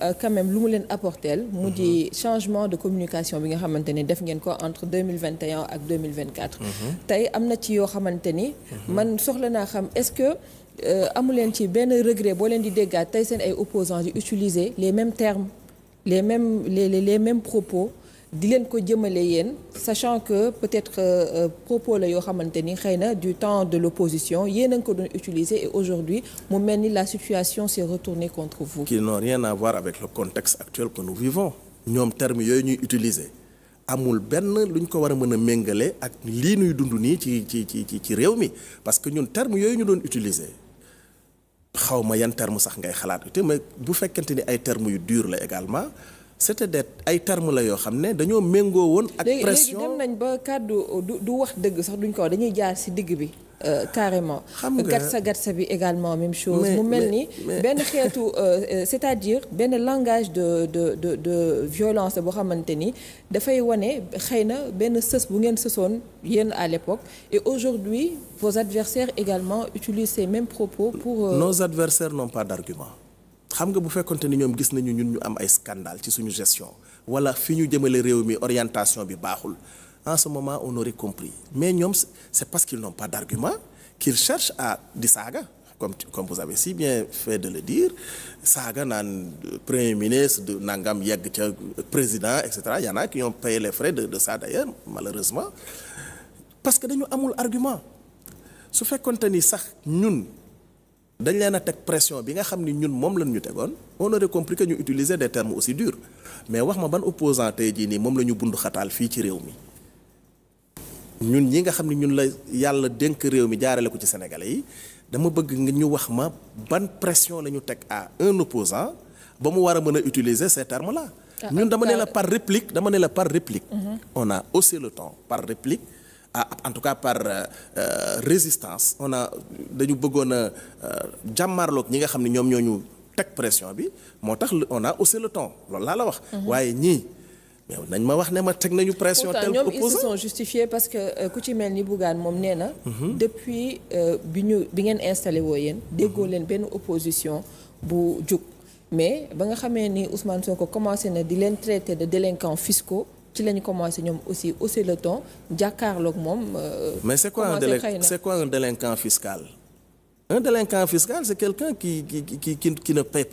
Euh, quand même lu mu leen apporteel mu mhm. di changement de communication bi nga xamante ni def ngeen ko entre 2021 ak 2024 mhm. tey am na ci yoo xamante ni mhm. man soxla naa xam est-ce que euh, amu leen ci benn regret boo leen di déggaat tey seen ay opposants di utiliser les mêmes termes les mêmes les les mêmes propos di leen ko jëmale yéen sachant que peut-être euh, euh, propos la yoo xamante ni xëy na du temps de l'opposition yéen a ko doon utiliser et aujourd'hui mu mel ni la situation s'est retournée contre vous. qui n'ont rien à voir avec le contexte actuel que nous vivons. ñoom termes yooyu ñuy utiliser amul benn lu ñu ko war a mën a méngale ak lii nuy dund nii ci ci ci ci réew mi parce que ñun termes yooyu ñu doon utiliser xaw ma yan termes sax ngay xalaat mais bu fekkente ni ay termes yu dur la également. c'est-à-dire ay termes yoo xam ne dañoo méngoo woon. ak nañ ba kàddu du wax dëgg sax duñ ko dañuy jaar ci digg bi. Euh, carrément. xam nga gatsa gatsa bi également même chose. mu benn xeetu euh, euh, c'est-à-dire benn langage de de de de violence boo xamante ni dafay wane xëy na benn sës bu ngeen sësoon yenn à l'époque et aujourd'hui vos adversaires également utilisent ces mêmes propos pour. nos adversaires n'ont pas d'argument. xam nga bu fekkonte ni ñoom gis nañu ñun ñu am ay scandale ci suñu gestion wala fi ñu jëmale réew mi orientation bi baaxul en ce moment on aurait compris mais ñoom c'est parce qu'ils n'ont pas d'argument qu'ils cherchent à di saaga comme comme vous avez si bien fait de le dire saaga naan premier ministre de nangam yegg ca président et cetera y en a qui ont les frais de de ça d'ailleurs malheureusement parce que dañu amul argument su fekkonte ni sax ñun dañ leen a teg pression bi nga xam ni ñun moom lañ ñu tegoon on aurait compris que ñu utiliser des termes aussi durs mais wax ma ban opposant tey jii nii moom la ñu bund xataal fii ci réew mi ñun ñi nga xam ni ñun la yàlla dénk réew mi jaarale ko ci sénégalais yi dama bëgg nga ñu wax ma ban pression la ñu teg à un opposant ba mu war a mën a utiliser ces termes la ah, ñun dama ne ah, la par réplique dama ne la par réplique mm-hmm. on a le ton par réplique en tout cas par euh, euh, résistance on a dañu bëggoon a euh, jàmmaarloog ñi nga xam ne ñoom ñoo ñu teg pression bi moo tax on a haussé le ton loolu laa la wax. Mhm. waaye ñii. mais nañ ma wax ne ma teg nañu pression. tel proposé ñoom ils se parce que ku ci mel ni Bougane moom nee na. Mhm. depuis bi ñu bi ngeen installé woo yéen. déggoo mhm. leen benn opposition bu jug. mais ba nga xamee ni Ousmane ko commencé na di leen traité de délinquants fiscaux. ci lañu commencé ñoom aussi aussi le ton jàkkaarloog moom. Euh, mais c'est quoi un délinquant c'est quoi un fiscal. un délinquant fiscal c'est quelqu'un qui qui qui qui qui ne paie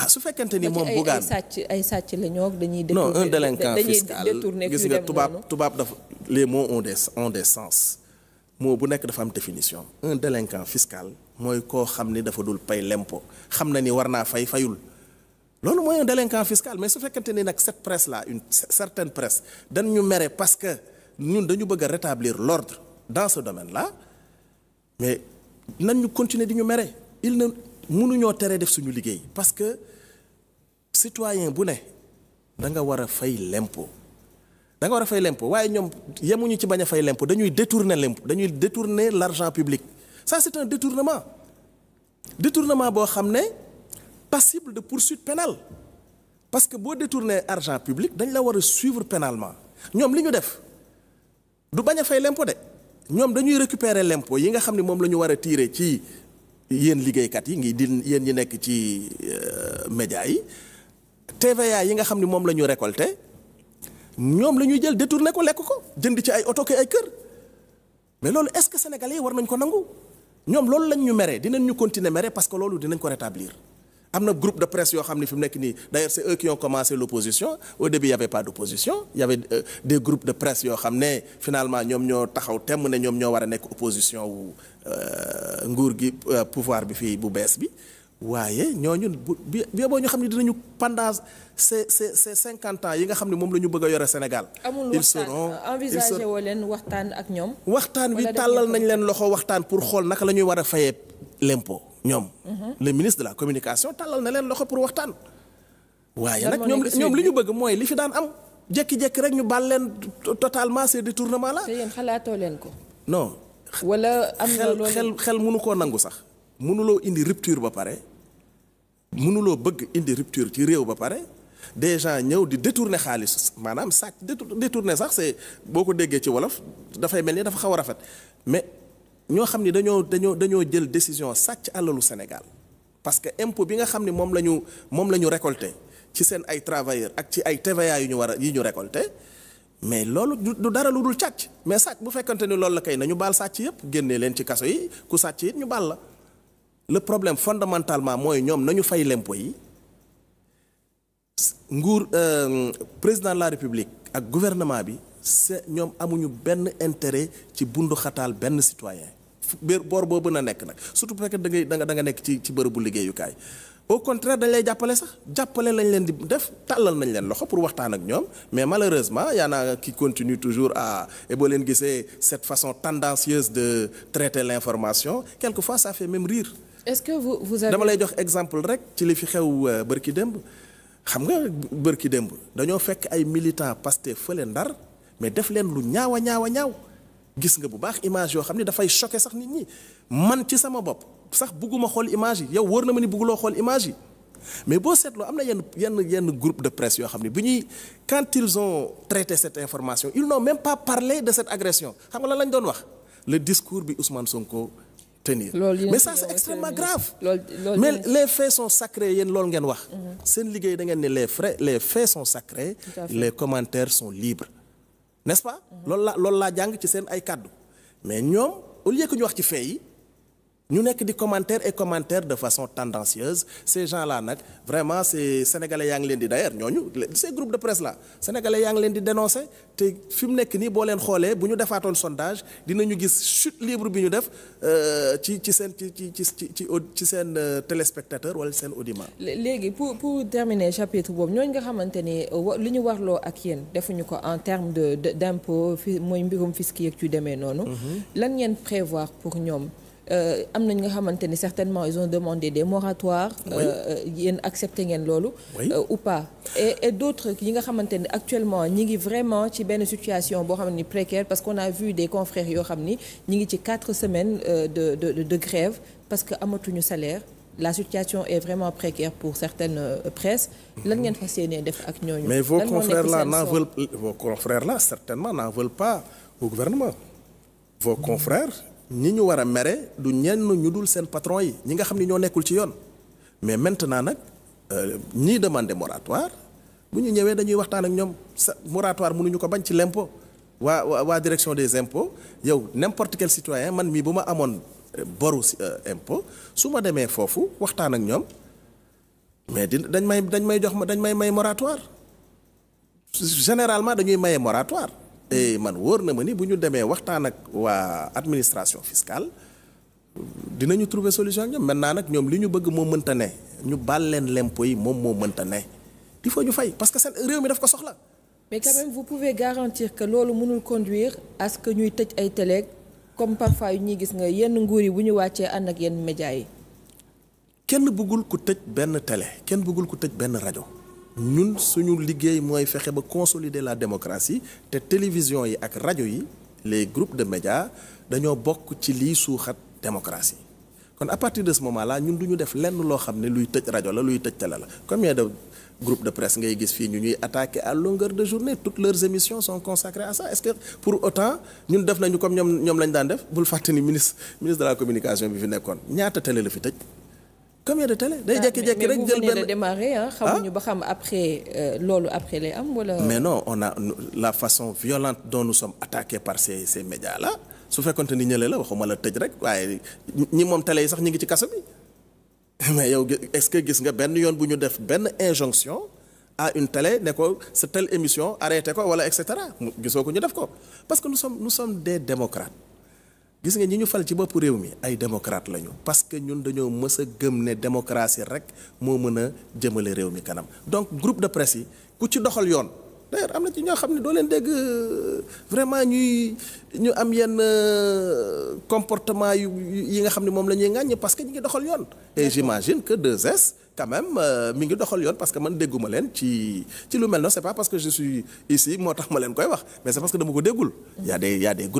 ah, su fekkente ni moom bugaan sàcc ay sàcc la ñoo dañuy. non un délinquant fiscal gis nga tubaab tubaab dafa les mots ont des ont des sens. mot bu nekk dafa am définition un délinquant fiscal mooy koo xam ni dafa dul pay l'impôt xam na ni war naa fay fayul. loolu mooy un délinquant fiscal mais su fekkente ni nag cette presse là une certaine presse dañ mere parce que ñun dañu bëgg a rétablir l'ordre dans ce domaine là mais nan ñu continuer di ñu mere il ne mënuñoo teree def suñu liggéey parce que citoyen bu ne danga war a fay l'impôt danga nga war a fay l'impôt waaye ñoom yemuñu ci bañ a fay l'impôt dañuy détourner l'impôt dañuy détourner l'argent public ça c'est un détournement détournement boo xam ne passible de poursuite pénale parce que boo détourné argent public dañ la war a suivre pénalement ñoom li ñu def du bañ a fay l'impôt de ñoom dañuy récupérer l'impôt yi nga xam ne moom la ñu war a tirer ci yéen liggéeykat yi ngi di yéen ñi nekk ci euh, média yi TVA yi nga xam ne la ñu récolté ñoom la ñuy jël détourné ko lekk ko jënd ci ay oto ak ay kër mais loolu est-ce que sénégalais yi war nañ ko nangu ñoom loolu lañ ñu meree dinañ ñu continuer meree parce que loolu dinañ ko rétablir am na groupe de presse yoo xam ne fi mu nekk nii d'ailleurs c'est eux qui commencé l'opposition au début il y avait pas d'opposition il y avait euh, des groupes de presse yoo xam ne finalement ñoom ñoo taxaw temm ne ñoom ñoo war a nekk opposition wu euh, nguur gi euh, pouvoir bi fii bu bees bi waaye ñooñu bi boo ñu xam ne dinañu pendant ces ces ces cinquante ans yi nga xam ne moom la ñu bëgg a yore Sénégal. ils seront ils seront amul waxtaan leen waxtaan ak ñoom. waxtaan wi tàllal nañ leen loxo waxtaan pour xool naka la ñuy war a fayee l'impôt ñoom. le ministre de la communication tàllal na leen loxo pour waxtaan. waaye nag ñoom ñoom li ñu bëgg mooy li fi daan am jékki-jékki rek ñu baal leen totalement ces détournements là. te yéen xalaatoo leen ko. non. wala am na loolu xel xel mënu koo nangu sax. mënuloo indi rupture ba pare mënuloo bëgg indi rupture ci réew ba pare des gens ñëw di détourne xaalis maanaam sàcc détourner sax c'est boo ko déggee ci wolof dafay mel ni dafa xaw a rafet ñoo xam ni dañoo dañoo dañoo jël décision sàcc àlalu Sénégal parce que impôt bi nga xam ni moom la ñu moom la ñu récolté ci seen ay travailleurs ak ci ay TVA yu ñu war a yi ñu récolter mais loolu du dara lu dul càcc mais sàcc bu fekkante ni loolu la kay nañu baal sàcc yëpp génnee leen ci kaso yi ku sàcc it ñu baal la le problème fondamentalement mooy ñoom nañu fay l'impôt yi nguur euh, président la république ak gouvernement bi c'est ñoom amuñu benn intéret ci bundu xataal benn citoyen biir boor boo mën a nekk nag surtout bu fekkee da ngay nga da nga nekk ci ci bërëbu liggéeyukaay au contraire dañ lay jàppale sax jàppale lañ leen di def tàllal nañ leen loxo pour waxtaan ak ñoom mais malheureusement y naa a qui continue toujours à et leen gisee cette façon tendancieuse de traiter l'information quelquefois ça fait même rire. est-ce que vous vous dama lay jox exemple rek ci li fi xew euh, bërki démb xam nga bërki démb dañoo fekk ay militants Pastef fële Ndar mais def lu ñaawa ñaawa ñaaw. gis nga bu baax image yoo xam ne dafay choqué sax nit ñi man ci sama bopp sax bugguma xool image yi yow wóor na ma ni bugguloo xool image yi mais boo seetloo am na yenn yenn yenn groupe de presse yoo xam ne bu ñuy quand ils ont traité cette information ils n'ont même pas parlé de cette agression xam nga lan lañ doon wax le discours bi Ousmane Sonko tenir mais ça c'est extrêmement grave mais les faits sont sacrés yéen loolu ngeen mhm. les commentaires sont libres n'est-ce pas. la laa loolu laa jàng ci seen ay kàddu mais ñoom au lieu que ñu wax ci fee ñu nekk di commentaire et commentaire de façon tendancieuse ces gens-là nag vraiment ces sénégalais yaa ngi leen di d'ailleurs ñooñu ces groupes de presse là sénégalais yaa ngi leen di dénoncer te fi mu nekk nii boo leen xoolee bu ñu defaatoon sondage dinañu gis chute libre bi ñu def euh, ci ci seen ci ci ci ci ci seen euh, téléspectateur wala seen audimat. léegi pour pour terminer chapitre boobu ñooñu nga xamante ni euh, li ñu warloo ak yéen defuñu ko en terme de d'impôt fi mooy mbirum fisc yeeg ci demee noonu. Mm-hmm. lan ngeen prévoir pour ñoom. Euh, am na ñu nga xamante ni certainement ils ont demandé des moratoires. Euh, euh, yéen accepté ngeen loolu. ou pas et et d' autres yi nga xamante ni actuellement ñi ngi vraiment ci benn situation boo xam ni précaire parce qu'on a vu des confrères yoo xam ni ñi ngi ci quatre semaines de de de grève parce que amatuñu salaire. la situation est vraiment précaire pour certaines presses. lan mhm. ngeen fas yéenee def ak ñooñu. mais vos confrères la n'en veulent vos confrères là certainement n'en veulent pas au gouvernement. ñi ñu war a mere du ñenn ñu dul seen patron yi ñi nga xam ni ñoo nekkul ci yoon mais maintenant nag euh, ñiy demander moratoire bu ñu ñëwee dañuy waxtaan ak ñoom sa moratoire mënuñu ko bañ ci l'impôt waa waa direction des impôts yow n'importe quel citoyen man mii bu ma amoon euh, boru euh, impo su ma demee foofu waxtaan ak ñoom mais di dañ may dañ may jox ma dañ may may moratoire généralement dañuy maye moratoire et man wóor na ma ni bu ñu demee waxtaan ak waa administration fiscale dinañu trouver solution ak ñoom maintenant nag ñoom li ñu bëgg moo mënta ne ñu baal leen lempo yi moom moo mënta ne il faut ñu fay parce que seen réew mi daf ko soxla. mais quand même vous pouvez garantir que loolu mënul conduire à ce que ñuy tëj ay télé comme parfois yu ñuy gis nga yenn nguur yi bu ñu wàccee ànd ak yenn médias yi. kenn buggul ku tëj benn tele kenn buggul ku tëj benn rajo. ñun suñu liggéey mooy fexe ba consolider la démocratie te télévision yi ak rajo yi les groupes de médias dañoo bokk ci lii suuxat démocratie kon à partir de ce moment là ñun du ñu def lenn loo xam ne luy tëj rajo la luy tëj télé la combien de groupe de presse ngay gis fii ñu ñuy attaqué à longueur de journée toutes leurs émissions sont consacrées à ça est-ce que pour autant ñun def nañu comme ñoom ñoom lañ daan def bul fàtte ni ministre ministre de la communication bi fi nekkoon ñaata télé la fi tëj combien de télé day ah, jékki-jékki rek jël benn démarrer ah xamuñu ba xam après euh, loolu après lay am wala. mais non on a la façon violente dont nous sommes attaqués par ces ces médias là su fekkonte ni ñële la waxuma la tëj rek waaye ñi moom télé yi sax ñu ngi ci kaso bi mais yow est-ce que gis nga benn yoon bu ñu def benn injonction à une télé ne ko sa telle émission arrêté ko wala et cetera gisoo ko ñu def ko parce que nous sommes nous sommes des gis nga ñi ñu fal ci bopp réew mi ay démocrate lañu parce que ñun dañoo mës a gëm ne démocratie rek moo mën a jëmale réew mi kanam donc groupe de presse yi ku ci doxal yoon d'ailleurs am na ci ñoo xam ne doo leen dégg euh, vraiment ñuy ñu am yenn euh, comportement yu yi nga xam ne moom la ñuy ŋàññ parce que ñu ngi doxal yoon et j'imagine que 2S quand même euh, ngi doxal yoon parce man dégguma leen ci ci lu mel noonu c'est pas parce que je ici moo tax ma leen koy wax mais c'est parce que dama ko